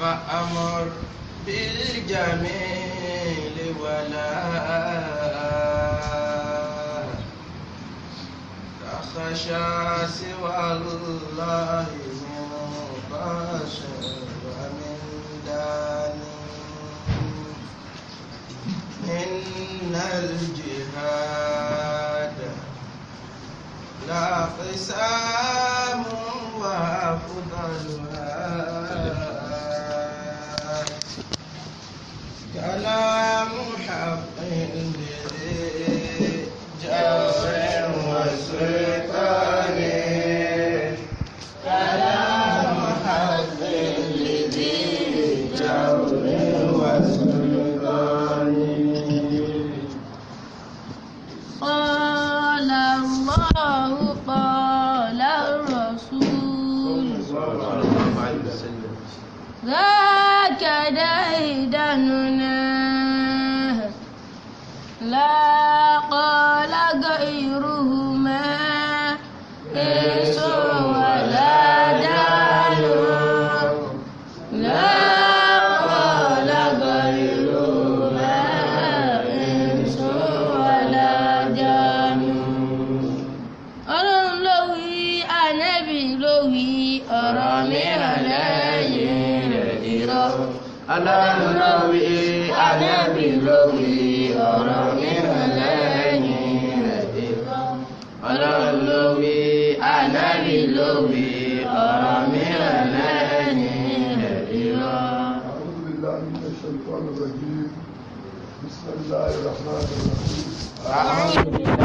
فأمر بالجميل ولا تخشى سوى الله من بشر ومن دان إن الجهاد لا قسام وأفضل كلام حق به جاسر وسير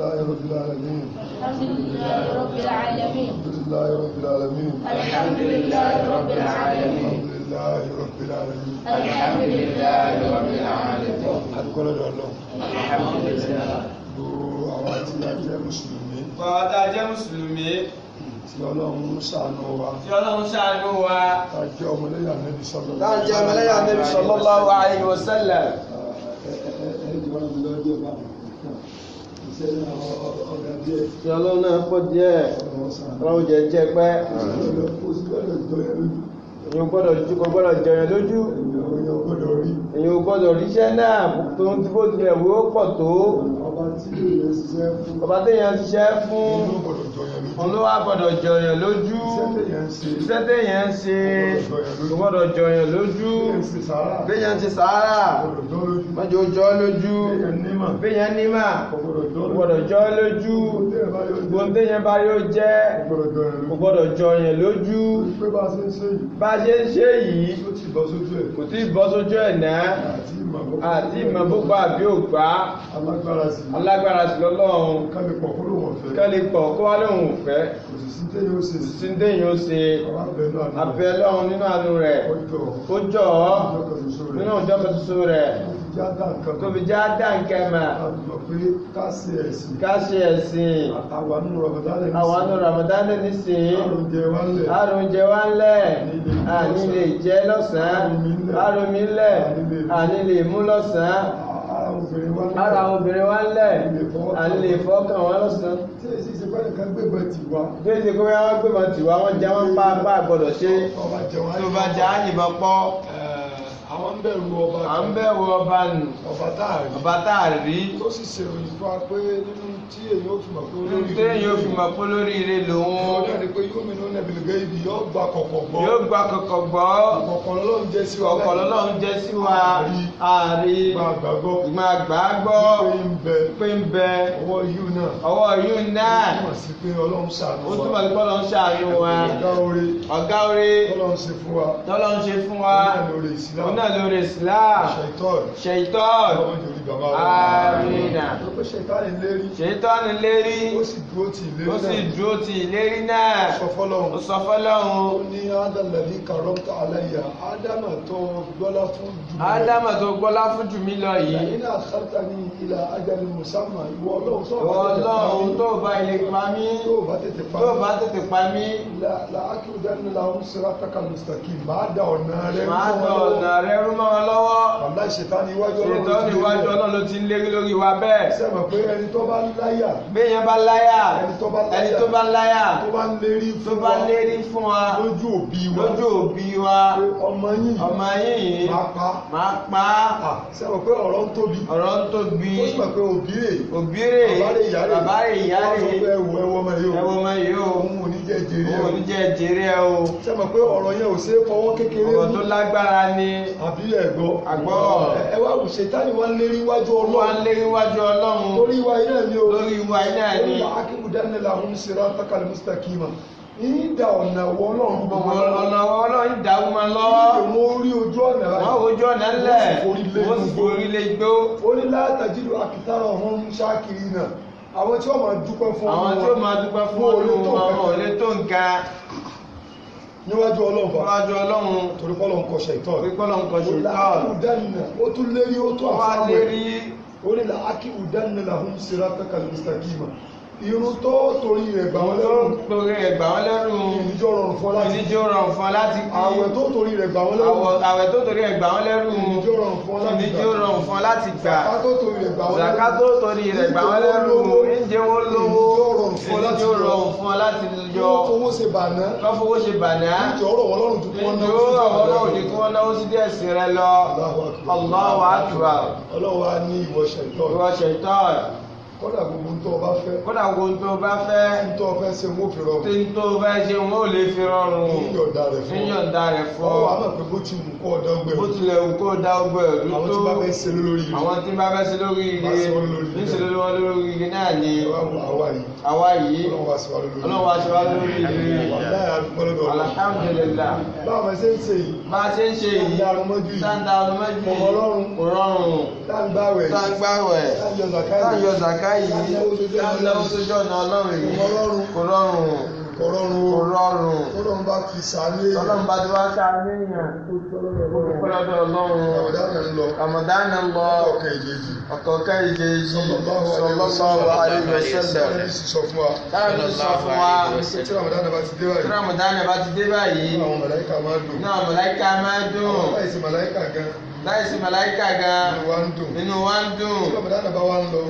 لله رب العالمين الحمد لله رب العالمين الحمد لله رب العالمين الحمد لله رب العالمين الحمد لله رب العالمين الحمد لله رب العالمين الحمد لله الحمد لله gbogbo àwọn tí a jẹ́ mùsùlùmí. bàbá tá a jẹ́ mùsùlùmí. tí ọlọ́run ṣàánú wa. tí ọlọ́run ṣàánú wa. tá a jẹ́ ọmọlẹ́yà Ànábì sallallahu. tá a jẹ́ ọmọlẹ́yà Ànábì sallallahu alaihi wasallam. ẹ ẹ ẹ ẹ ẹ ẹ ẹ ẹ ẹ ẹ ẹ ẹ ẹ ẹ ẹ tí ọlọ́run náà pọ̀ díẹ̀ ọlọ́run jẹ́ jẹ́ pẹ́ èyàn gbọ́dọ̀ jú kò gbọ́dọ̀ jẹyàn lójú èyàn gbọ́dọ̀ ríṣẹ́ náà tó ń tí bó tilẹ̀ wó pọ̀ tó ọba tí èyàn ṣiṣẹ́ fún olówó gbọ́dọ̀ jọyàn lójú iṣẹ́ téèyàn ń ṣe gbọ́dọ̀ jọyàn lójú béèyàn ti sàárà mọ́jọ jọ́ lójú béèyàn nímà gbọ́dọ̀ jọ́ lójú gbọ́n téèyàn bá yóò jẹ́ gbọ́dọ̀ jọyàn lójú bá ṣe ń ṣe yìí kò tí ì bọ́ sójú ẹ̀ náà àti ìmọ̀ bópa àbí ògbà alágbára sí lọ́lọ́run kẹ́lẹ̀ pọ̀ kó wá lóhun òfẹ́ síndéyìn ó ṣe abẹ́ lọ́run nínú àánú rẹ̀ ó jọ ọ́ nínú ọjọ́ kan ṣoṣo rẹ̀ tó fi já dá nǹkan mà ká ẹ̀sìn àwọn nù Ramadan nísìnyí àrùn jẹ wá ń lẹ̀ àní lè jẹ lọ́sàn-án àrùn lẹ̀ àní lè lè mú lọ́sàn-án ara obìnrin wá lẹ̀ à ń lè fọ́kàn wọn lọ́sàn-án. tí èsì ṣe pẹ́lú kan gbẹ̀gbẹ̀ tiwa. tí èsì pé wọ́n gbẹ̀gbẹ̀ tiwa wọ́n jẹ́ wọ́n pa apá àgbọ̀dọ̀ ṣe tó bá jẹ́ àyìnbọn pọ́. àwọn ń bẹ̀rù ọba nù. àwọn ń bẹ̀rù ọba nù. ọba táàrí. ọba táàrí. tó sì ṣèròyìn tí èyí ó fi mọ̀ pé olórí ire. tí èyí ó fi mọ̀ pé olórí ire lòun. ọjọ́ ni pé yóò mìíràn nàbí lùgẹ́ ibi yóò gba kọ̀kọ̀ gbọ́. yóò gba kọ̀kọ̀ gbọ́. ọ̀kọ̀ lọ́lọ́run jẹ́ sí wa. ọ̀kọ̀ lọ́lọ́run jẹ́ sí wa. ààrí gbàgbọ́. gbàgbọ́. pé ń bẹ. ọwọ́ yìí náà. ọwọ́ yìí náà. ó túmọ̀ sí pé ọlọ́run ṣàánú wa. ó túmọ̀ sí pé ọlọ́run ṣàánú wa. ọ̀gá orí. ọ̀gá orí. tọ́lọ́run ṣe fún wa. tọ́lọ́run ṣe fún wa. ó náà lóore ìsìlá. ṣèitọ́ọ̀. ṣèitọ́ọ̀. ọlọ́run jòrí bàbá wa. àmín ṣètánì lérí. ṣètánì lérí. ó sì dúró ti ìlérí náà. ó sì dúró ti ìlérí náà. ó sọ fọlọ́hún. ó sọ fọlọ́hún. ó ní ádámàlí kàrọ́mtà aláìyá ádámà tó gbọ́lá fún jù mí lọ. ádámà tó gbọ́lá fún jù mí lọ yìí. ìyá iná sátá ní ilà ajali musamman ìwọ ọlọ́run tó bá tètè pa mí. ọlọ́run tó bá ilé pa mí. tó bá tètè pa mí. tó bá tètè pa mí. làákìlú dání làwọn sira takà mùsàkì máa da ọ̀nà rẹ rú wọn lọ́wọ́ mọ̀ pé ẹni tó bá láyà. béèyàn bá láyà ẹni tó bá láyà tó bá lérí fún wa tó bá lérí fún wa lójú òbí wa lójú òbí wa ọmọ yìí ọmọ yìí máa pa máa pa. ṣe mọ̀ pé ọ̀rọ̀ ń tóbi ọ̀rọ̀ ń tóbi ó sì mọ̀ pé òbí rè òbí rè bàbá rè ìyá rè ọmọ yìí o ọmọ yìí o òun jèrè o ṣe mọ̀ pé ọ̀rọ̀ yẹn ò ṣe é fọwọ́ kékeré ọ̀rọ̀ tó lórí wa iná ni o lórí wa iná ni akíbu dánilá ń sira takal mustakima ìdá ọ̀nà wọ ọlọ́run bọ̀ wọ́n lọ. ọ̀nà ọlọ́run dà ó máa lọ. ìwọ orí ojú ọ̀nà rẹ̀. wọ́n ojú ọ̀nà lẹ̀. wọ́n sì forí lé gbó. ó ní látàjìlú àkìtàrà ọ̀hún ṣáàkiri náà àwọn tí ó máa dúpẹ́ fún ọlọ́run. àwọn tí ó máa dúpẹ́ fún ọlọ́run àwọn ò lè tó nǹkan níwájú ọlọ́run bá níwájú ọlọ́run torí pọ́lọ́ ń kọ ṣe ìtọ́ ó ní làákì ùdánù làhùn síra kankan mistakima. irun tó torí rẹ̀ gbà wọ́n lẹ́rù tó torí rẹ̀ gbà wọ́n lẹ́rù ìníjọ́ rọrùn fún láti ìníjọ́ rọrùn fún láti àwẹ̀ tó torí rẹ̀ gbà wọ́n lẹ́rù láti gbà zaka tó torí rẹ̀ gbà wọ́n lẹ́rù lówó rọrùn fún ọ láti yọ rọrùn fún ọ láti yọ fowó ṣe bàná kọ́ fowó bàná ìjọ ọ̀rọ̀ wọn lọ́rùn ju kí wọ́n náwó sí ọ̀rọ̀ lọ́rùn ju kí wọ́n náwó sí díẹ̀ sí rẹ lọ Allahu akbar Allahu wa ní ìwọ ṣẹ̀tọ́ ìwọ ṣẹ̀tọ́ kódà gbogbo ntọ́ ọba fẹ́. kódà gbogbo ntọ́ ọba fẹ́. ntọ́ fẹ́ ṣe wọn ò fi rọrùn. tí ntọ́ fẹ́ ṣe wọn ò lè fi rọrùn. níyọ̀ǹda rẹ̀ fún ọ níyọ̀ǹda rẹ̀ fún ọ. ọwọ́ àmọ̀ pé bó ti wù kọ́ ọ̀dà ọgbẹ́. bó tilẹ̀ wù kọ́ ọ̀dà ọgbẹ́ ọ̀dún tó. àwọn tí bá bẹ́ ṣe lórí ire. àwọn tí bá bẹ́ ṣe lórí ire. níṣẹ́ ló wọn lórí ire náà ni. àwa yìí ọlọ́wọ́ aṣọ wa lórí ire. alhamdulillah. báwo ma ṣe ń ṣe yìí bá a ṣe ń ṣe yìí táǹdà ọlọ́mọdé kò rọrùn kò rọrùn táǹgbàwẹ̀ táǹyọ zàká yìí táǹlẹ̀ oṣooṣọ́ ọ̀nà ọlọ́run yìí kò rọrùn kò rọrùn o. kò rọrùn. tọ́lọ́run bá fi sàánú èèyàn. tọ́lọ́run bá ti wá sàánú èèyàn. olùkọ́lọ́dọ̀ ọlọ́run. ramadan ń lọ. ramadan ń lọ. ọ̀kọ̀ọ̀kan ìjèjì. ọ̀kọ̀ọ̀kan ìjèjì. sọlọ́lọ́wọ́ àríwẹ̀sẹ̀lẹ̀. sọ fún wa. tí ramadan bá ti dé báyìí. àwọn màláìka máa dùn. náà màláìka máa dùn. láìsí màláìka gan láìsí màláìka gan inú wa ń dùn. tí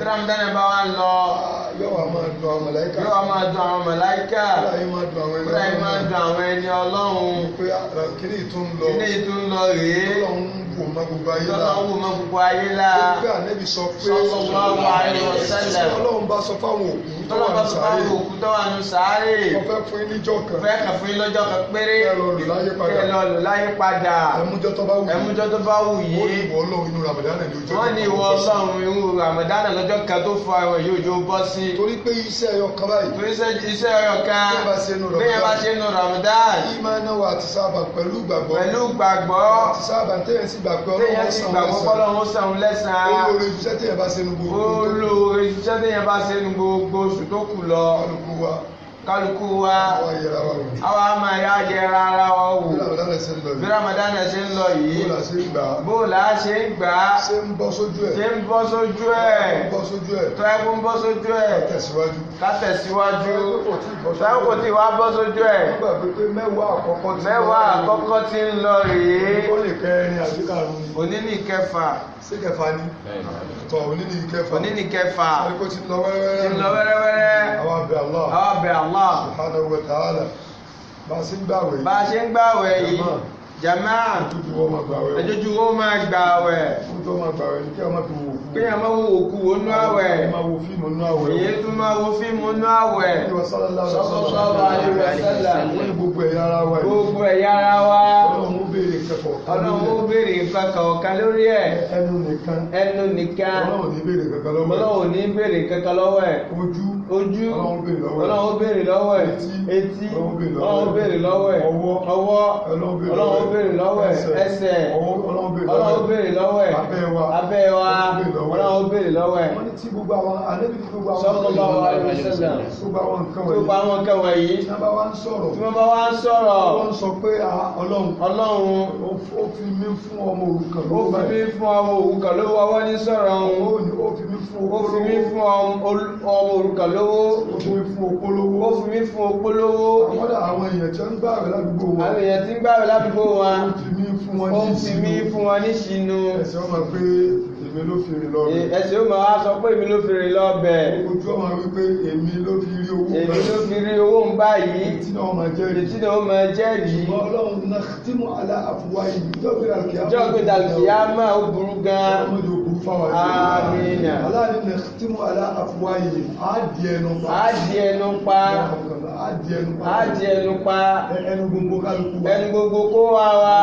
ramadan bá wa ń lọ yóò wá máa dùn àwọn màláíkà. yóò wá máa dùn àwọn màláíkà. fúláyé máa dùn àwọn ẹni ọlọ́run. fúláyé máa dùn àwọn ẹni ọlọ́run. pé ìtún lọ. rèé wò mọ́ gbogbo ayé la tọ́lá wò mọ́ gbogbo ayé la gbogbo ànẹ́bí sọ pé sallallahu alaihi wasallam ọlọ́run bá sọ fáwọn òkú tó wà ní sàárè òkú tó wà ní sàárè wọ́n fẹ́ fún yín níjọ́ kan fẹ́ kàn fún yín lọ́jọ́ kan péré kẹ́ lọ lò láyé padà kẹ́ lọ lò bá wù yín ẹmújọ́ tó bá wù yín wọ́n ní ìwọ ọlọ́run inú ramadana lọ́jọ́ kan tó fọ gbà pé ọlọ́run ó sàn lẹ́sàn. ọlọ́run ó sàn lẹ́sàn. olóore iṣẹ́ tẹ̀yẹ̀ bá ṣe nu gbogbo. olóore iṣẹ́ tẹ̀yẹ̀ bá ṣe nu gbogbo oṣù tó kù lọ. ọlọ́run wa kálukú wa awa máa yá yẹra ara wa wò bí Ramadan ṣe ń lọ yìí bóòlù á ṣe ń gbà á ṣe ń bọ́ sójú ẹ̀ ṣe ń bọ́ sójú ẹ̀ tọ́ ẹ kó ń bọ́ sójú ẹ̀ ká tẹ̀síwájú tọ́ kò tí wá bọ́ sójú ẹ̀ mẹ́wàá àkọ́kọ́ tí ń lọ rèé òní kẹfà sí kẹfà ni tọ òní ni kẹfà òní ni kẹfà àríkò ti lọ wẹ́rẹ́wẹ́rẹ́ ti lọ wẹ́rẹ́wẹ́rẹ́ àwọn abẹ Allah àwọn abẹ Allah subhanahu wa ta'ala bá a ṣe ń gbàwẹ̀ yìí bá a ṣe ń gbàwẹ̀ yìí jama ẹjọ́jú wọ́n máa gbà wẹ̀ kíyàn máa wo òkú onú àwẹ̀ èyí tún máa wo fíìmù onú àwẹ̀ sọ́kọ̀ọ́kọ́ bá a lè rẹ̀ sẹ́lẹ̀ gbogbo ẹ̀yà ara wa kankan ọ̀kan lórí ẹ̀. ọlọ́run ó béèrè kankan ọ̀kan lórí ẹ̀. ẹnu nìkan. ẹnu nìkan. ọlọ́run ò ní béèrè kankan lọ́wọ́ ẹ̀. ọlọ́run ní béèrè kankan lọ́wọ́ ẹ̀. ojú ojú ọlọ́run béèrè lọ́wọ́ ẹ̀. etí etí ọlọ́run béèrè lọ́wọ́ ẹ̀. ọwọ́ ọwọ́ ọlọ́run béèrè lọ́wọ́ ẹ̀ ẹsẹ̀ ọlọ́run béèrè lọ́wọ́ ẹ̀ abẹ́ wa ọlọ́run béèrè lọ́wọ́ ẹ̀. wọ́n ní tí gbogbo àwọn àlébi tí gbogbo àwọn ọmọ ìlú wa rẹ̀ sẹ́dà gbogbo àwọn nǹkan wọ̀nyí gbogbo àwọn nǹkan wọ̀nyí tí wọ́n bá wá ń sọ̀rọ̀ tí wọ́n bá wá ń sọ̀rọ̀ wọ́n sọ pé ọlọ́run ọlọ́run ó fi mí fún ọmọ òrukàn lówó ó fi mí fún ọmọ òrukàn lówó ọwọ́ ní sọ̀rọ̀ òun ó fi mí fún ọmọ òrukàn lówó ó fi mí fún opolówó àwọn èèyàn tí wọ́n ń gbà rẹ̀ ládùúgbò w àwọn èèyàn tí ń gbàwẹ̀ ládùúgbò wa ó ń fi fún wọn ní ṣìnú ẹ̀sìn ó máa sọ pé èmi ló fi rìn lọ bẹ̀ ojú ọmọ wípé èmi ló fi rí owó èmi ló fi rí owó ń báyìí tí náà ó máa jẹ́rìí tí náà ọlọ́run náà tí mo alá àfúwá yìí jọ́gbé dàlùkìá máa ó burú gan-an àmín aláàrin náà tí mo alá àfúwá yìí á á jẹ ẹnu pa ẹnu gbogbo kálukú wa ẹnu gbogbo kó wa wa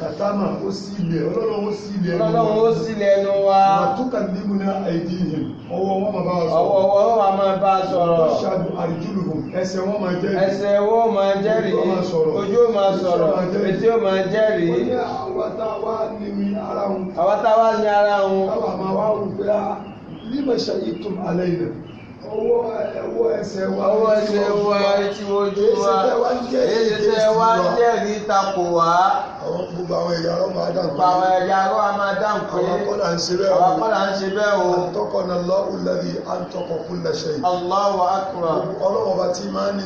katama ó sílẹ̀ ọlọ́run ó sílẹ̀ ẹnu wa ọlọ́run ó sílẹ̀ ẹnu wa àtúkà nínú ní àìdí ìhìn ọwọ́ wọn máa bá wa sọ̀rọ̀ ọwọ́ wọn wà máa bá a sọ̀rọ̀ ṣáàdù àrídúró ẹsẹ̀ wọn máa jẹ́rìí ẹsẹ̀ wọn máa jẹ́rìí ojú wọn máa sọ̀rọ̀ etí wọn máa jẹ́rìí. àwọn táwa ní ara wọn. àwọn táwa ní ara wọn. Ọwọ́ ẹ̀ṣẹ̀ wá ojú wa. Èsì tẹ wá ń jẹ́rìí tako wá. àwọn gbogbo àwọn ẹ̀yà arọ́ máa dáhùn pé àwọn ẹ̀yà arọ́ máa dáhùn pé àwọn kọ́là ń ṣe bẹ́ẹ̀ o àwọn kọ́là ń ṣe bẹ́ẹ̀ o àtọ́kọ̀nà lọ́wọ́ lẹ́bi àtọ́kọ̀ kúnlẹ̀ ṣe yìí. Allahu akbar ọlọ́wọ́ bá ti máa ní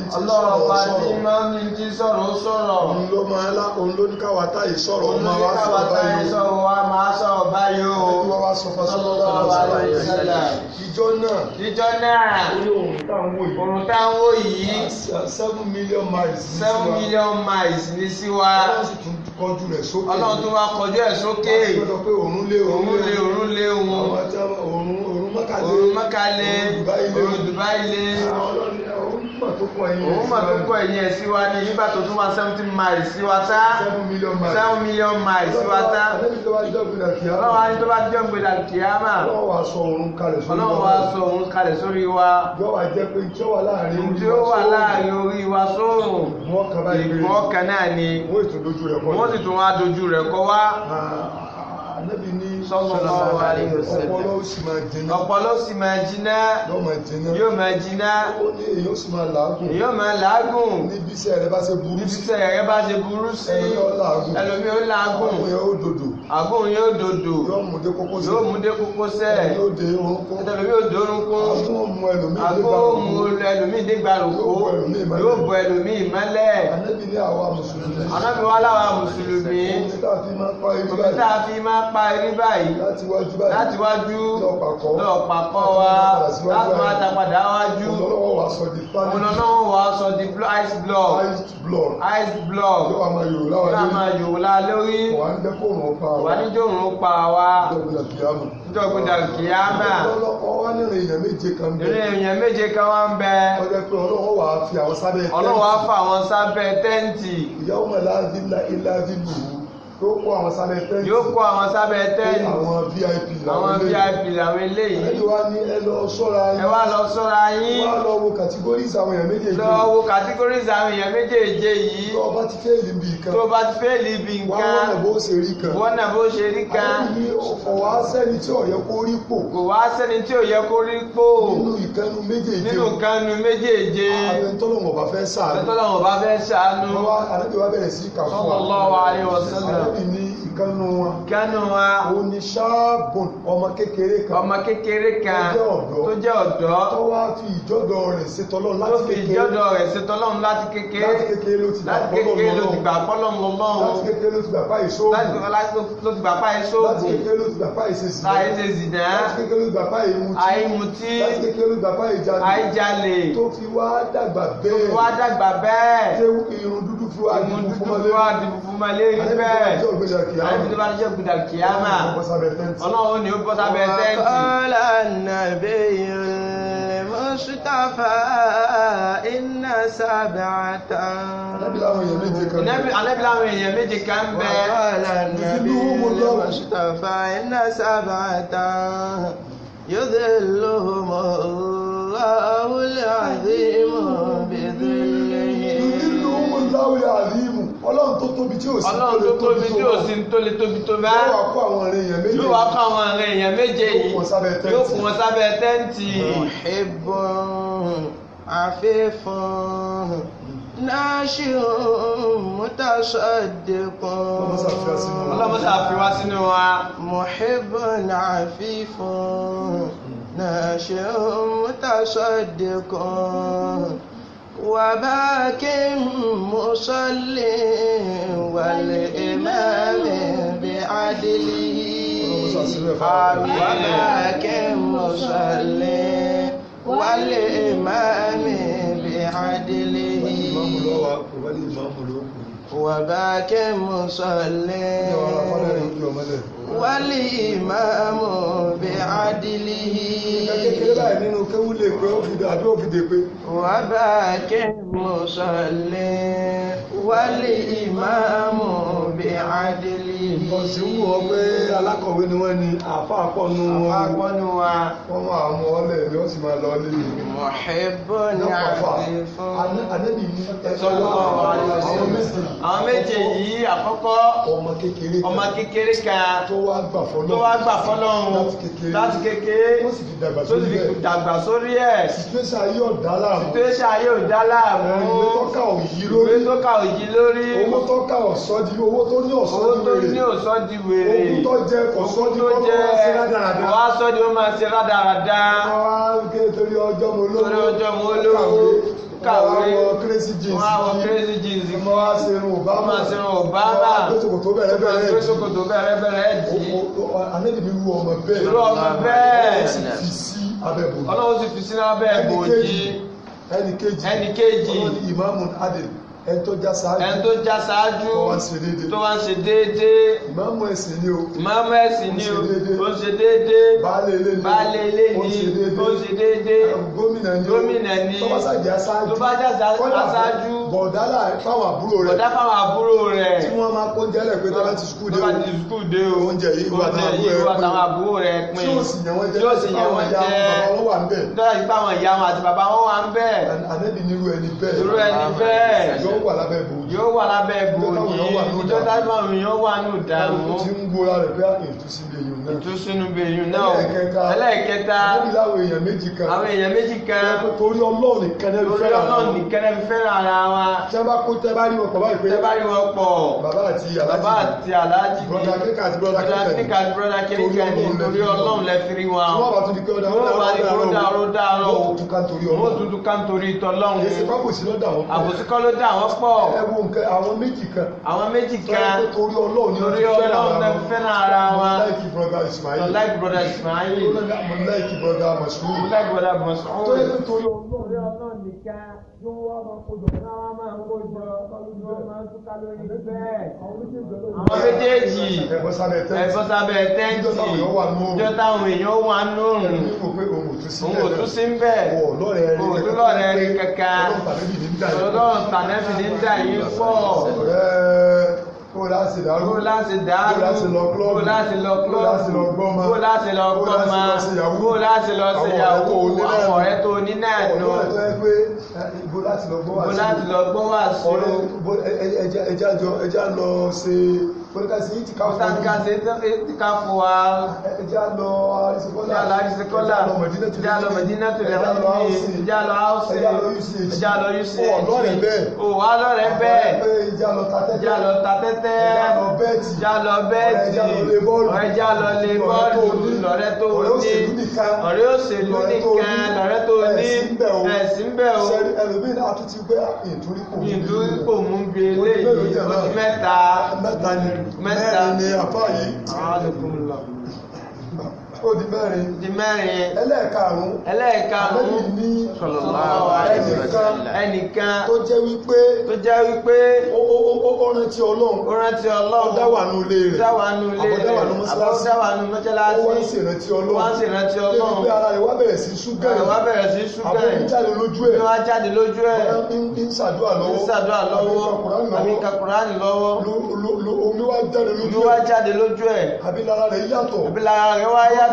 ti sọ̀rọ̀ sọ̀rọ̀ òun ló máa lá òun ló ní káwa táyì sọ̀rọ̀ òun máa wá sọ̀rọ̀ báyìí o òun ló ní sọ̀rọ̀ báyìí o òun ló máa sọ̀rọ̀ seven million miles kọjú rẹ̀ sókè. ọlọ́run tó wá kọjú ẹ̀ sókè. wọ́n sọ pé òrùn lé òrùn lé òrùn lé wọn. òrùn mọ́kàlé òrùn Dubai lé. Dubai lé nígbà tó kọ ẹyin ẹ̀ síwá nígbà tó nígbà tó tún wá seventy miles síwá tá seven million miles síwá tá ọlọ́wọ́ á ní tó bá jẹ́ ògbéra kìámà ọlọ́wọ́ wa sọ òun kalẹ̀ sórí wa yọ́wà jẹ́ pé tí ó wà láàrin orí wa sóòrùn ìgbọ́ kan náà ni wọ́n sì tún wá dojú rẹ̀ kọ wá. Ah, sallallahu alaihi wasallam ọpọlọ sì máa jiná yóò máa jiná yóò máa làágùn níbi iṣẹ́ rẹ bá ṣe burú sí ẹlòmí ó làágùn àgùn yóò dòdò yóò mú dé kókósẹ̀ ẹlòmí ó dé agbóhùn ẹlòmíì dégbà rògbò yóò bọ ẹlòmíì mọ́lẹ̀. ànábì wa mùsùlùmí. omi fi máa pa eré báyìí. láti wájú lọ́ọ̀pàkọ́ wa láti máa tapadà wájú. ọlọ́wọ́ wa sọ sọ di ice block. ice block. yóò máa yòó láwa wà ní jẹ́ pa wa níjọ́ gbọ́dọ̀ kìámà. ọwọ́ nínú èèyàn méje kan bẹ. nínú èèyàn méje kan wá ń bẹ. ọjọ́ pé ọlọ́wọ́ wàá fi àwọn sábẹ́ tẹ́ǹtì. ọlọ́wọ́ wàá fa àwọn sábẹ́ tẹ́ǹtì. ìyàwó mọ̀ láàdínlá ìlàdínlù yóò kó àwọn sábẹ́ tẹ́ǹtì yóò kó àwọn sábẹ́ tẹ́ǹtì àwọn vip làwọn vip làwọn eléyìí ẹni wá ní ẹ lọ sọ́ra yín ẹ wá lọ sọ́ra yín wá lọ wo categories àwọn èèyàn méjèèjì lọ wo categories àwọn èèyàn méjèèjì yìí tó o bá ti fẹ́ẹ̀lì bí nǹkan tó o bá ti fẹ́ẹ̀lì bí nǹkan wọ́n náà bó ṣe rí kan wọ́n náà bó ṣe rí kan kò wá sẹ́ni tí ò yẹ kó rí pò nínú ìkànnù méjèèjì nínú ìkànnù méjèèjì bá fẹ́ ṣàánú tọ́lọ́wọ̀n bá fẹ́ ṣàánú ànábì ní ìkànnù wọn. ìkànnù wa. ó ní ṣáàbùn ọmọ kékeré kan. ọmọ kékeré kan tó jẹ́ ọ̀dọ́. tó wá fi ìjọ́dọ̀ rẹ̀ ṣetọ́lọ́run láti kékeré. tó fi ìjọ́dọ̀ rẹ̀ ṣetọ́lọ́run láti kékeré. láti kékeré ló ti gbà bọ́lọ́run lọ́wọ́. láti kékeré ló ti gbà pa ìṣòwò. láti kékeré ló ti gbà pa ìṣòwò. láti kékeré ló ti gbà pa ìṣèṣìdá. àìṣèṣìdá. láti kékeré ló ti gbà pa ìmutí. àìmutí. láti kékeré ló ti gbà pa ìjalè. àìjalè. tó fi wá dàgbà bẹ́ẹ̀. tó fi wá dàgbà bẹ́ẹ̀ dúdú àdìbò fúnmalé níbẹ̀ àdìbò tó bá ní jẹ́gbìdà kìámà ọlọ́run ni ó bọ́ sábẹ́ tẹ́ǹtì. ọ̀la nàbẹ́ ìrìnlẹ̀ mọ́ṣútàfà iná sábàtà. alẹ́bí láwọn èèyàn méje ká bẹ. ọ̀la nàbẹ́ ìrìnlẹ̀ mọ́ṣútàfà iná sábàtà yóò dé lóhùn mọ́ ọ̀la ọ̀hún àdéhùn. láwùyà àlímù ọlọ́run tó tóbi tí ò sí tó lè tóbi tó wà tó lè tóbi tó bá yóò wá kó àwọn ará èèyàn méje yóò wá kó àwọn ará èèyàn méje yìí yóò kún wọn sábẹ́ tẹ́ǹtì. ìbọn àfẹ́fọ́n náṣírun mutasaddiqun. ọlọ́mọṣà fi wá sínú wa. muhibbun afifun mm-hmm. náṣírun mutasaddiqun. وباك مصل والإمام بعدله وباك مصل والإمام بعدله وباك مصل والإمام بعدله tíra ẹ̀ nínú kéwú lè pé ó fi àbí ó fi dè pé. wà bá kí mùsọ̀lẹ̀ wálé ìmáàmù bí adélé. nǹkan sì ń wọ pé alákọ̀wé ni wọ́n ní àfa àpọ̀nù wọn. àfa àpọ̀nù wa. wọ́n máa mú ọ lẹ̀ yóò sì máa lọ lé mi. E. mọ̀hẹ́bọ̀ ni a ti fún. ànábì ní ẹ̀sọ́ lọ́wọ́ àwọn méjì. àwọn méjì yìí àkọ́kọ́ ọmọ kékeré kan ọmọ kékeré kan tó wá gbà fọlọ́run láti kékeré tó sì fi dàgbà sórí dàgbà sórí ẹ̀. situation ayé ò dá láàmú. situation ayé ò dá láàmú. ìwé tó kà ò yí lórí. ìwé tó kà ò yí lórí. owó tó kà ò sọ di owó tó ní ò sọ di wèrè. owó tó ní ò sọ di wèrè. owó tó jẹ kò sọ di kó máa ṣe rádaràda. wàá sọ di kó máa ṣe rádaràda. wàá gé torí ọjọ́ mo lówó. torí ọjọ́ mo lówó kàwé wọn àwọn crazy jeans kí wọn wá serun obama wọn wá serun obama gbèsòkòtò bẹ̀rẹ̀ bẹ̀rẹ̀ gbèsòkòtò bẹ̀rẹ̀ bẹ̀rẹ̀ jì. àlejò mi ru ọmọ bẹ́ẹ̀. ru ọmọ bẹ́ẹ̀ abẹ́bòjì ọlọ́run sì fi sínú abẹ́bòjì ẹnì kejì ẹnì kejì ọlọ́run ìmáàmù adil ẹni tó já ṣáájú ẹni tó já ṣáájú tó wá ń ṣe déédéé tó wá ń ṣe déédéé ìmáàmù ẹ̀sìn ni o ìmáàmù ẹ̀sìn ni o ó ṣe déédéé baálé ilé ni ó ṣe déédéé gómìnà ni gómìnà tó bá ṣáájú bọ̀dá fáwọn àbúrò rẹ̀ bọ̀dá fáwọn àbúrò rẹ̀ tí wọ́n máa kó oúnjẹ lẹ̀ pé tọ́lá ti skul dé o tọ́lá ti skul dé o oúnjẹ yìí wà táwọn àbúrò rẹ̀ pín tí yóò sì yàn wọ́n jẹ́ tí báwọn ìyá wọn wà ń bẹ̀ tọ́lá ti báwọn ìyá wọn àti bàbá wọn wà ń bẹ̀ ànẹ́bí nírú ẹni bẹ́ẹ̀ nírú ẹni bẹ́ẹ̀ yóò wà lábẹ́ bòójì yóò wà lábẹ́ bòójì ìjọ táwọn èèyàn wà ní ìdààmú tí ń gbóra rẹ̀ pé ah, ìtúsínú bẹ̀yìn náà ẹlẹ́ẹ̀kẹta àwọn èèyàn méjì kan torí ọlọ́run nìkan ẹ fẹ́ràn ara wa tí wọ́n bá kó tẹ́ bá rí wọn pọ̀ báyìí pé tẹ́ bá rí wọn pọ̀ bàbá àti aláàjì bàbá àti aláàjì ni broda kíkà àti broda kíkà ni torí ọlọ́run lẹ fi rí wọ́n bá tún di pé ọ̀dà ọ̀dà ọ̀dà wọ́n tún ká torí ọ̀dà wọ́n tún ká torí tọ́lọ́run. èsì kọ́ kò sí lọ́dà wọn pọ̀ kọ́ ló dà wọ́n pọ̀. àwọn méjì kan. àwọn méjì kan torí ọlọ́run ni wọ́n fẹ́ràn ara wọn nìkan tí wọ́n wá máa kó jọ náà wá máa kó jọ tí wọ́n máa túká lórí bẹ́ẹ̀. àwọn méjèèjì ẹ̀bọ́ tẹ́ǹtì jọ táwọn èèyàn wà nùrùn òun ò tún sí bẹ́ẹ̀ òun tún lọ́rẹ̀ẹ́ rí kankan ọlọ́run tànẹ́bì dà yín pọ̀ kó láti dárò kó láti dárò kó láti lọ klọ́ọ̀bù kó láti lọ gbọ́mọ kó láti lọ gbọ́mọ kó láti lọ ṣèyàwó àwọn ọ̀rẹ́ tó ní náà nù. ọ̀rẹ́ tó yẹ pé ibo láti lọ gbọ́ wá sí i ọ̀rẹ́ ẹja lọ ṣe pẹ̀lúkà sí ìtìkáfù pẹ̀lúkà sí ìtìkáfù wa ẹjá lọ àrísíkọ́lá ẹjá lọ mẹ̀dínà tó lè rí ẹjá lọ áùsì ẹjá lọ yúsì ọ̀lọ́rẹ̀ bẹ́ẹ̀ òwà lọ́rẹ̀ bẹ́ẹ̀ ẹjá lọ tatẹ́tẹ́ ẹjá lọ bẹ́ẹ̀tì ẹjá lọ lè bọ́ọ̀lù lọ́rẹ́ tó ní ọ̀rẹ́ òṣèlú nìkan lọ́rẹ́ tó ní ẹ̀sìn bẹ́ẹ̀ o ẹlòmíín àtúntí gbé ìdúrípò mú bí eléyìí lọ́dún mẹ́ta mẹ́ta ni mẹ́ta ni àfáà yìí ó di mẹ́rin di mẹ́rin ẹlẹ́ẹ̀karùn-ún ẹlẹ́ẹ̀karùn-ún ní sallallahu alaihi wasallam ẹnìkan tó jẹ́ wípé tó jẹ́ wípé ó o o o rántí ọlọ́run ó dáwà nù ilé rẹ̀ dáwà nù ilé rẹ̀ àbọ̀dáwà nù mọ́ṣáláṣí àbọ̀dáwà nù mọ́ṣáláṣí ó wá ń ṣèrántí ọlọ́run wá ń ṣèrántí ọlọ́run pé ara rẹ̀ wá bẹ̀rẹ̀ sí ṣúgẹ̀ wá bẹ̀rẹ̀ sí ṣúgẹ̀ àbọ̀dájáde lójú ẹ̀ ló wá jáde lójú ẹ̀ ń ṣàdúrà lọ́wọ́ ń ṣàdúrà lọ́wọ́ àbí kakùránì lọ́wọ́ ló wá jáde lójú ẹ̀ àbí lára rẹ̀ yàtọ̀ àbí lára rẹ̀ wá yàtọ̀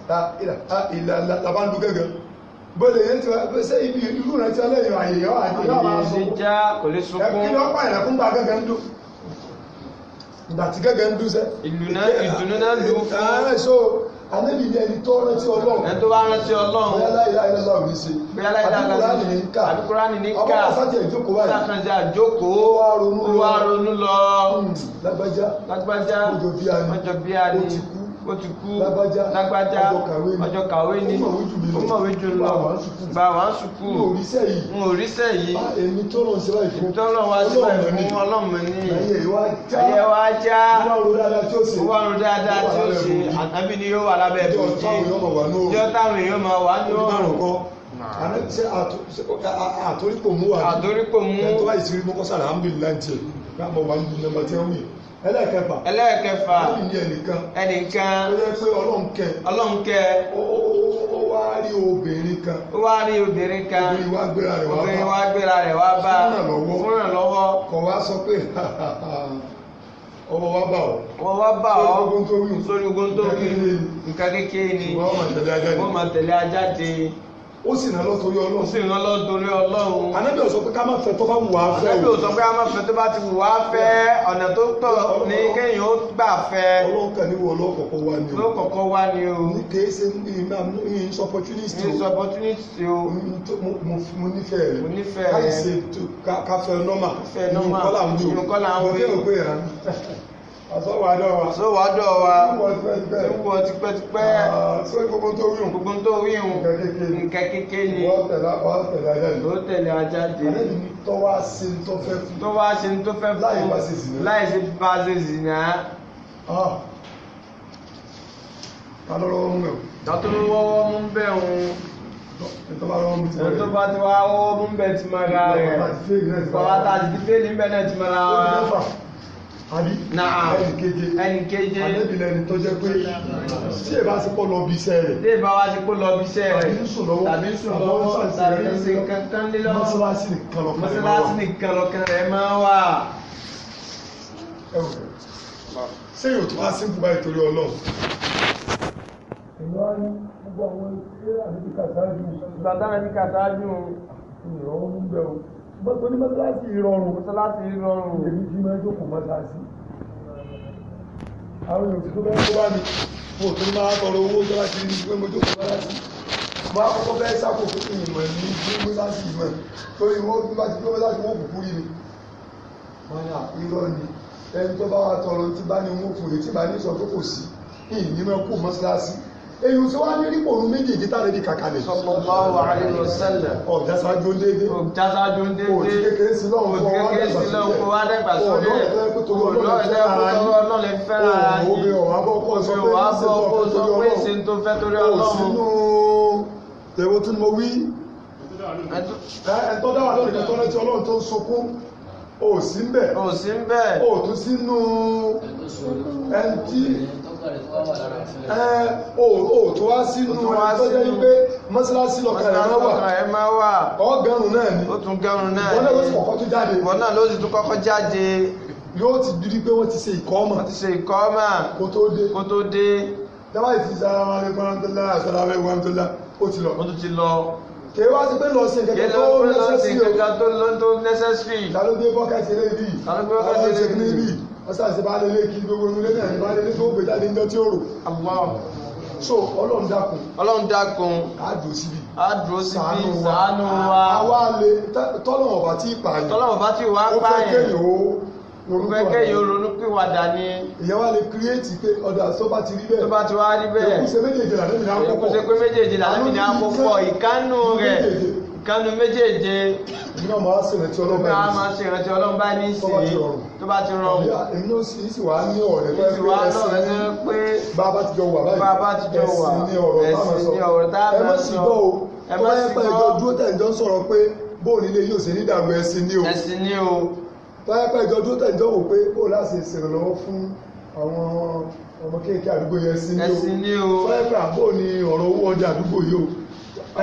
tàbá ń lu gẹ́gẹ́ bọ́lẹ̀ yẹn ti wá pé ṣé ibi irú rẹ̀ ti ọlẹ́yìn àyèyàn àti ọlọ́run aṣọ kò lè sunkún kí lọ́pàá ìrẹ̀kún gba gẹ́gẹ́ ń dùn ìgbà tí gẹ́gẹ́ ń dùn sẹ́ ìdùnnú náà lù ú fún ẹ̀ṣọ́ anẹ́bí ilé ẹni tó rántí ọlọ́run ẹni tó bá rántí ọlọ́run bí aláìlá ìlọ́lá ò ní ṣe bí aláìlá ìlọ́lá ní ká àbíkúránì ní ká ọba sátì àjókòó báyìí sátì àjókòó wá ronú lọ hmm, lágbájá lágbájá mọjọ bíi ani ó ti kú ó ti kú lágbájá ọjọ́ kàwé ni ó mọ̀wé jù lọ bá wà ń sùkú n ò ríṣẹ́ yìí èmi tó lọ sí báyìí fún ọlọ́mọ ní ẹ̀yẹ wá já ó wá ro dáadáa tí ó ṣe àtàbí ni yóò wà lábẹ́ ìbòjì yóò táwọn èèyàn máa wà ní ọ̀rùn àtòrípò mú àtòrípò mú ẹ̀tọ́ báyìí sí rí mọ́kọ́sára àmì láǹtì láàmọ̀ wà nínú ẹgbẹ́ tí wọ́n wí ẹlẹ́ẹ̀kẹfà ẹlẹ́ẹ̀kẹfà láti ní ẹnìkan ẹnìkan ó yẹ pé ọlọ́run kẹ ọlọ́run kẹ ó wá rí obìnrin kan ó wá rí obìnrin kan obìnrin wá gbéra rẹ̀ wá bá obìnrin wá gbéra rẹ̀ wá bá fún ìrànlọ́wọ́ kọ̀ wá sọ pé ọwọ́ wá bá ọ. ọwọ́ wá bá ọ sórí ogun tó wí nǹkan kékeré ni wọ́n máa tẹ̀lé ajáde ó sì ràn lọ́tọ̀rí ọlọ́run. ó sì ràn lọ́tọ̀rí ọlọ́run. ànábì ò sọ pé ká má fẹ́ tó bá wù wá fẹ́ o. ànábì ò pé ká má fẹ́ tó bá ti wù wá fẹ́ ọ̀nà tó tọ̀ ní kéèyàn ó gbà fẹ́. ọlọ́run ni, ní wọ wá ni o. lọ́kọ̀ọ̀kọ̀ wá ni o. ní kèé ṣe ìyìn opportunity o. ìyìn opportunity o. mo nífẹ̀ẹ́ rẹ̀. mo nífẹ̀ẹ́ rẹ̀. ká sọ́wádọ́ wa wọ́n ti pẹ́ ti pẹ́ ah, gbogbo tó wíhun nǹkan kékeré ni ó tẹ̀lé ajá dé tó wá ṣe ń tó fẹ́ fún láì bá ṣe zìnà ah. tọ́lọ́wọ́ mú bẹ̀ tọ́lọ́wọ́ mú bẹ̀ òun tó bá ti wá ọwọ́ mú bẹ̀ ti mara rẹ̀ pàwátà ti fèlì ń bẹ̀ náà ti mara wa àbí ẹnìkeje ẹnìkeje àdébìlẹ̀ ẹni tó jẹ́ pé tí èbá ti kó lọ bí iṣẹ́ rẹ̀ tí èbá wá ti kó lọ bí iṣẹ́ rẹ̀ tàbí sùn lọ́wọ́ tàbí sùn lọ́wọ́ tàbí ṣe kankan lé lọ́wọ́ mọ́sálásí nìkan lọ́kàn rẹ̀ máa wà mọ́sálásí nìkan lọ́kàn rẹ̀ máa wà. ṣé yóò tún wá sí ibùba ìtorí ọlọ́run. ìgbà táwọn ẹbí kà sáájú. ìgbà táwọn ẹbí kà ìrọ̀rùn ń bẹ̀ mo ní mọ́sálásí ìrọ̀rùn mọ́sálásí ìrọ̀rùn èmi jí máa jókòó mọ́sálásí àwọn èèyàn tó bẹ́ẹ̀ tó bá mi mo tó máa tọrọ owó tó bá ti rí pé mo jókòó mọ́sálásí mo á kọ́kọ́ bẹ́ẹ̀ sáko fún ìmọ̀ ní fún mọ́sálásí ìmọ̀ torí wọ́n bí bá ti gbé mọ́sálásí wọ́n kúkú rí mi wọ́n irọ́ ni ẹni tó bá wa tọrọ tí bá ní wọ́n fún mi bá ní sọ tó kò sí ìyìn èyí sọ wá ní rí pòrún méjèèjì tá a lè di kàkà lè. sallallahu alaihi wasallam. ọ̀já sáájú ń dédé. ọ̀já sáájú ń dédé. òtí kékeré sí lọ́wọ́ fún wa dẹ́gbà sílẹ̀. òtí kékeré sí lọ́wọ́ fún wa dẹ́gbà sílẹ̀. òlò ẹ̀dẹ́ kótó ọlọ́lẹ̀ fẹ́ ara yìí. òwe ọ̀wá bọ́ kó sọ pé ṣe ń tó fẹ́ torí ọlọ́run. tẹ̀wọ́ tún mo wí. ẹ̀tọ́ dáwà lórí ẹ̀tọ́ lẹ́tí ọlọ́run tó ń sunkún ò sí ń bẹ̀. ò sí ń bẹ̀. ò tún sínú ẹni tí Eh, o tó wá sínú tó jẹ́ wípé mọ́sálásí lọ́kà rẹ̀ máa wà ọ̀gánrun náà ni wọ́n náà ló sì kọ́kọ́ tó jáde wọ́n náà ló sì tún kọ́kọ́ jáde yóò ti dúdú pé wọ́n ti ṣe ìkọ́mà wọ́n ti ṣe ìkọ́mà kó tó dé kó tó dé dáwà ìfi sára wa rẹ̀ kọ́ńtọ́lá àtàrà rẹ̀ kọ́ńtọ́lá ó ti lọ ó ti lọ kì í wá sí pé lọ sí kẹ̀kẹ́ tó lọ́sẹ̀sì tó lọ́sẹ̀sì tàló gbé bọ́kẹ́tì rẹ̀ bì tàló gbé bọ́kẹ́tì rẹ̀ bì ọ̀sàṣì bá lélé kí gbogbo inú lé náà bá lélé tó gbé jáde ńjọ́ tí ó rò. so ọlọ́run dákun. ọlọ́run dákun. a dúró síbi. a dúró síbi ṣàánú wa. àwa lè tọ́lọ̀wọ̀n bá tí pààyàn. tọ́lọ̀wọ̀n bá tí wá pààyàn. ó fẹ́ kéèyàn ó fẹ́kẹ́ ni. ìyẹn wá lè kírètì pé ọ̀dà tó bá ti rí bẹ́ẹ̀. tó bá ti wá rí bẹ́ẹ̀. èkúṣe méjèèjì làdébìnrin àkọ́kọ́. èkúṣe pé méjèèjì làdébìnrin àkọ́kọ́ ìkánú rẹ̀ kanu méjèèje iná máa ṣe ìrántí ọlọ́run bá ní sí ìrántí ọlọ́run bá ní sí tó bá ti rọrùn èmi náà sì sì wá ní ọ̀rẹ́ pé ẹsìn pé bàbá ti jọ wà báyìí ẹsìn ní ọ̀rọ̀ tá a máa sọ ẹ má sì gbọ́ ọ ẹ má sì gbọ́ ọ ẹ dúró tẹ̀ ń jọ sọ̀rọ̀ pé bóòlù ilé yóò ṣe ní ìdààmú ẹsìn ní o ẹsìn ní o tọ́yẹ́ ìjọ dúró tẹ̀ ń jọ wò pé bóòlù àṣẹ ìṣèrànlọ́wọ́ fún ọmọ kéèké àdúgbò yẹn sí ní o tọ́yẹ́ pé àbó ni ọ̀rọ̀ owó ọjà àdúgbò yìí o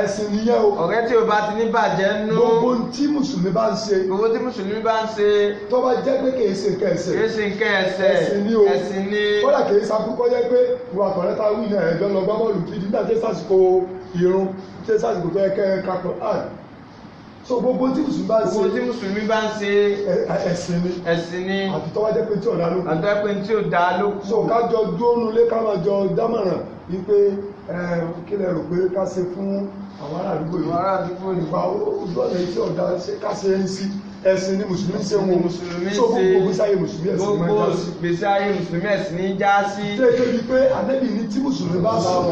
ẹ̀sìn nìyẹn o. ọ̀rẹ́ tí o bá ti ní bàjẹ́ nú. gbogbo tí mùsùlùmí bá ń ṣe. gbogbo tí mùsùlùmí bá ń ṣe. tó bá jẹ́ pé kìí ṣe kẹsẹ̀. kìí ṣe kẹsẹ̀ ẹ̀sìn ni o ẹ̀sìn ni. kódà kìí sakúkọ jẹ́ pé ìwà àtọ̀rẹ́ta wíìnì ẹ̀ẹ́dọ́lọ́gbọ́n bọ́ọ̀lù fídí nígbà tí sàṣìkò irun tí sàṣìkò tó yẹ kẹ́ ẹ kakọ̀ áì ah, so gbogbo tí mùsùlùmí bá ń ṣe gbogbo tí mùsùlùmí bá ń ṣe ẹ̀sìn ni ẹ̀sìn ni àti jẹ́ pé tí ò dá lókun àti tọ́wọ́ pé tí ò dá lókun. so ká jọ dúró nulẹ̀ ká máa jọ dámọ̀ràn wípé kí lè rò pé ká ṣe fún àwọn ará àdúgbò yìí nípa ojú ọ̀nà iṣẹ́ ọ̀dà ká ṣe é sí ẹ̀sìn ni mùsùlùmí ṣe wọn mùsùlùmí ṣe gbogbo sáyé mùsùlùmí ẹ̀sìn máa já sí. gbogbo gbèsè ayé mùsùlùmí ẹ̀sìn ní já sí. tètè bíi pé àdébì ní tí mùsùlùmí bá sùn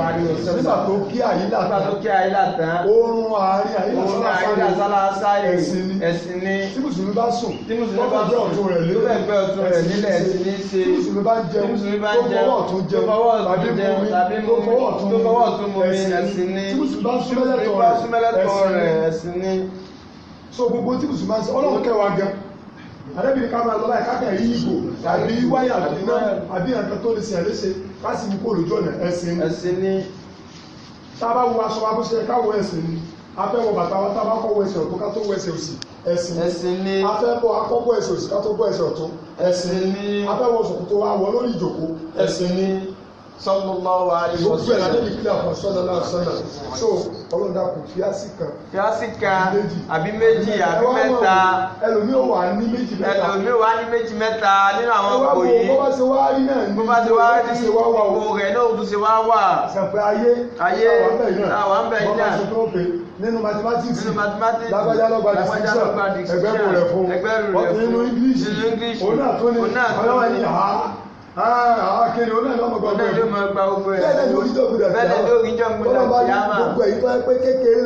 nígbà tó kí àyílà tán nígbà tó kí àyílà tán oorun àárín àyílà sálásáré ẹ̀sìn ni tí mùsùlùmí bá sùn tí mùsùlùmí bá sùn tó bẹ̀ gbẹ́ ọ̀tún rẹ̀ nílẹ̀ ẹ̀sìn ní ṣe tí mùsùlùmí bá jẹun tó fọwọ́ ọ̀tún jẹun tó fọwọ́ ọ̀tún so gbogbo tí mùsùlùmí ṣe ọlọ́run kẹwàá gan àdébìnrin ká máa lọ láì káàkiri tàbí wáyà àbí nǹkan tó lè ṣe àléṣe kó lójú ọ̀nà ẹ̀sìn ni tábà wo aṣọ wa bó ṣe káwọ ẹ̀sìn ni afẹ́wọ̀ bàtà wa tábà kọ́ wọ ẹsẹ̀ ọ̀tún ká tó wọ ẹsẹ̀ òsì ẹ̀sìn ni afẹ́bọ̀ òsì ká tó bọ̀ sallallahu alaihi wasallam. gbogbo ẹ̀ lálẹ́ mi kílẹ̀ àwọn sallallahu alaihi wasallam. so ọlọ́dà kò fíásì kan. fíásì kan àbí méjì àbí mẹ́ta. ẹlòmíì wà ní méjì mẹ́ta. ẹlòmíì wà ní méjì mẹ́ta nínú àwọn ọkọ̀ yìí. bó bá ṣe wá rí náà ni bó bá ṣe wá rí ipò rẹ̀ náà ó tún ṣe wá wà. sàpẹ́ ayé ayé àwọn bẹ̀ yìí náà. bó bá ṣe nínú mathematics lágbájá lọ́gba distinction ẹgbẹ́rún rẹ̀ fún ọkùnrin nínú English òun náà tó ní ọlọ́wọ́ ní àá. Ah, akéde ó náà lọ́mọ gbọ́dọ̀ bẹ́ẹ̀ ló gba owó ẹ̀ bẹ́ẹ̀ ló ríjọ́ gbọ́dọ̀ bẹ́ẹ̀ ló ríjọ́ gbọ́dọ̀ kíámà gbogbo èyí tó yẹ pé kékeré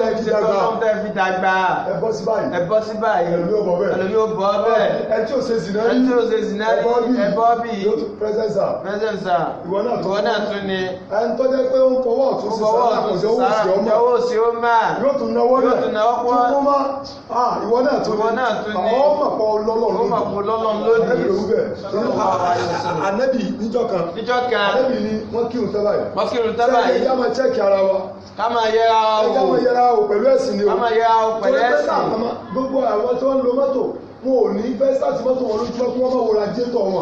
lẹ fi tó lọ́mọ tẹ́ fi dàgbà ẹ bọ́ sí báyìí ẹ bọ́ sí báyìí ẹlòmí ò bọ́ bẹ́ẹ̀ ẹlòmí ò bọ́ bẹ́ẹ̀ ẹ tí ò ṣe sinari ẹ tí ò ṣe sinari ẹ bọ́ bí yóò tún pẹ́sẹ̀nsà pẹ́sẹ̀nsà ìwọ náà tún ni ẹ ń tọ́jẹ́ pé ó ń fọwọ́ ọ̀tún sísá ah, ìwọ náà tún ni anabi níjọ́ kan anabi ni wọ́n kírun tábà yìí wọ́n kírun tábà yìí ṣe ẹ̀yà máa ara wa ká yẹra o ẹ̀yà yẹra o pẹ̀lú ẹ̀sìn ni o ká yẹra o pẹ̀lú ẹ̀sìn gbogbo àwọn tí wọ́n ń lo mọ́tò wọn ò ní fẹ́ sáàtì mọ́tò wọn lójúmọ́ kí wọ́n máa wo radiator wọn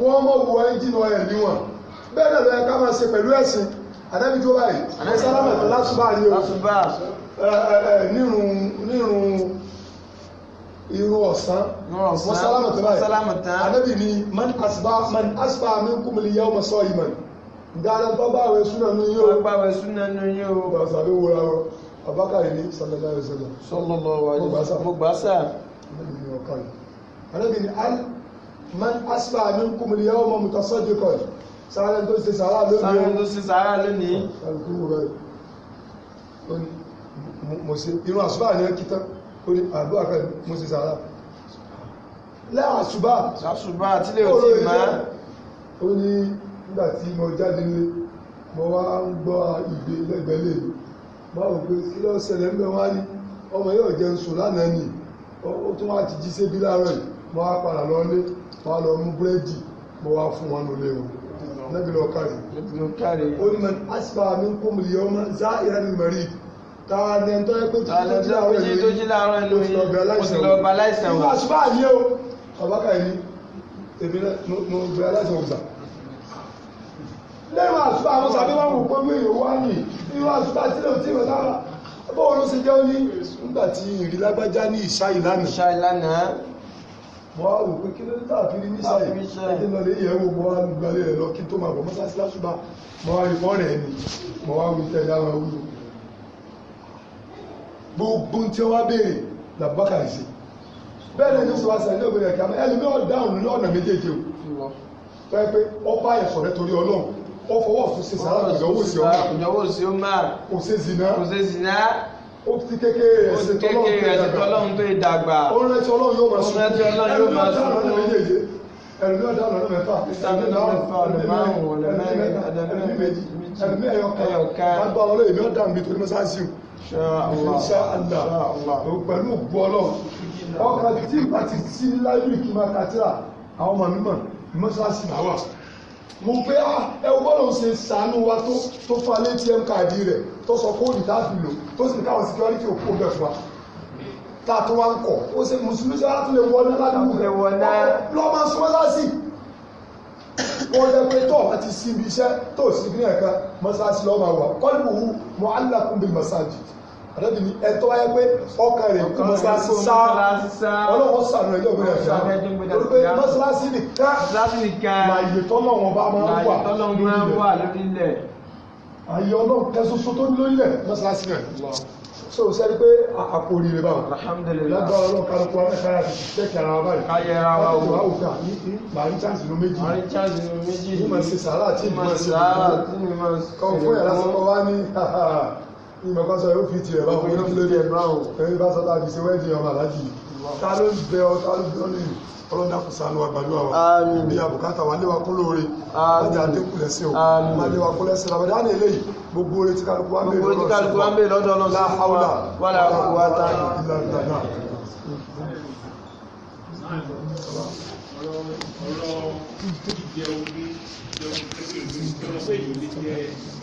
wọ́n máa wo ẹ́ńjìn ọ̀yẹ̀ ní wọn bẹ́ẹ̀ náà irun ọ̀sán wọ́n sálámà tó báyìí anábì ni man asba man asba mi kú mi yá ọmọ sọ ìmọ̀ dáadáa bá bá àwẹ̀ súnà nù yóò bá àwẹ̀ súnà nù yóò bá sàbí wúra wọn abákàrí ní sallallahu alaihi wasallam sallallahu alaihi wasallam mo gbà sá anábì ni ọ̀kan anábì ni al man asba mi kú mi yá ọmọ mutasọ́jú kọ́ sáré tó ṣe sàrà lónìí sáré tó ṣe sàrà lónìí mo ṣe irun àsùbà ni ẹ ó ní àbú àkọ́ mo sì sàrà láàṣùbà láàṣùbà tí lè tí ma ó ní nígbà tí mo jáde ní mo wá ń gbọ́ ìgbé lẹ́gbẹ̀lẹ́ mo rò pé kí ló ṣẹlẹ̀ ń bẹ wá ní ọmọ yóò jẹun sùn lánàá nì ó tún wá ti jí sébi láàárọ̀ yìí mo wá padà lọ́lé mo wá lọ mú búrẹ́dì mo wá fún wọn lólé wọn lẹ́bi lọ kárí ó tààlẹ̀ tó yẹ pé tó jí láàárọ̀ ẹlò yìí mo ti lọ bá láìsàn wà. ìwàṣùpá yìí o ọ̀bákà yìí èmi mo bẹ aláìsàn ọ̀sà. lẹ́yìn àṣùpá àwọn sàbí wọn wò pé mi ò wá nì ìwàṣùpá tí lè tí ì wọ́n bọ́ọ̀ ló ṣe jẹ́ ó ní nígbà tí ìrì lágbájá ní ìṣá ìlànà. ìṣá ìlànà. mo wá wò pé kí ló dé tàbí rí níṣà yìí ẹni lọ lè yẹ wo mo wá gbalẹ̀ rẹ̀ lọ kí n tó máa bọ̀ mọ́sáàsì láṣùbà mo wá rí fọ́ọ̀rẹ́ mi mo wá wí tẹ̀lé àwọn awúrò gbogbo tí wọ́n béèrè làbúbákàrì sí bẹ́ẹ̀ ni sọ́wọ́ sẹ́yìn lóògbé rẹ̀ kàmẹ́ ẹlòmí ọ̀dáhùn ní ọ̀nà méjèèjì o fẹ́ pé ọba ẹ̀fọ́ rẹ torí ọlọ́run ó fọwọ́ fún ṣe sàrà ìyọwó sí ọmọ ìyọwó sí ọmọ kò ṣe zìnà kò ṣe zìnà ó ti kékeré rẹ̀ ṣe tọ́lọ́run tó dàgbà ó rántí ọlọ́run yóò máa sùn ẹlòmí ọ̀dáhùn ọ̀nà méjèèjì ẹlòmí ọ̀dáhùn ọ̀nà mẹ́fà ẹlòmí ọ̀dáhùn ọ̀nà mẹ́fà ẹlòmí ẹ̀yọ̀kan pẹ̀lú gbọ́lọ̀ ọkà tí ìgbà ti tí láyé kí máa kàtírà àwọn ọmọ mímọ̀ mọ́sáàsì náà wà mo pé ah, ẹwọ bọ́lọ̀ ṣe sàánú wa tó fa lé atm káàdì rẹ̀ tó sọ kóòdì tá a fi lò tó sì káwọn security òkú bẹ̀ fún wa tá a tó wá ń kọ̀ ó ṣe mùsùlùmí sí wa tó lè wọlé ládùúgbò lọ́mọ sọ́mọ́sáàsì kó jẹ́ pé tó ọ̀bá ti síbi iṣẹ́ tó sí ẹ̀ka mọ́sáàsì lọ́mọ àwà kọ́lùmù hu mọ́ alákùnbí mọ́sáàjì àdẹ́bí ni ẹ̀tọ́ wáyé pé ọkàn rẹ̀ kú mọ́sáàsì sá ọlọ́wọ́ sànù ẹjọ́ gbé ẹ̀ka torí mọ́sáàsì nìkan láàyè tọ́lọ́ wọn bá máa wà lórílẹ̀ àyè ọlọ́run kẹsọ́sọ́ tó lórílẹ̀ mọ́sáàsì rẹ̀ so sẹ́ni pé àpò oríire báwọn lágbára ọlọ́run kálukú wa mẹ́ta láti tẹ́kì ara wa báyìí káyẹ ara wa wò wá òkè àní màrí chance ló méjì màrí chance ló méjì ní màá ṣe sàárà tí mi máa ṣe sàárà tí mi máa ṣe kọ́ fún yàrá sọ́kọ́ wá ní ìmọ̀ bá sọ yóò fi tiẹ̀ báwọn ní kí ló dé báwọn ẹni bá sọ láti ṣe wẹ́ẹ̀dì ọmọ aláàjì ta ló ń bẹ ọ ta ló ń bẹ ọ nìyí ọlọ́dàkùn sànú àgbàlúwà wa bí abùkátà wa léwa kó lóore má jẹ́ àdínkù lẹ́sìn o má léwa kó lẹ́sìn làbẹ̀dá ní eléyìí gbogbo orí tí kálukú wá ń bè lọ́dọ̀ ọlọ́run sí fún wa wà láàrín wa tá ọ̀rọ̀ ọ̀rọ̀ jíjẹ omi jẹun tẹ́sí omi jẹun pé ìlú jẹ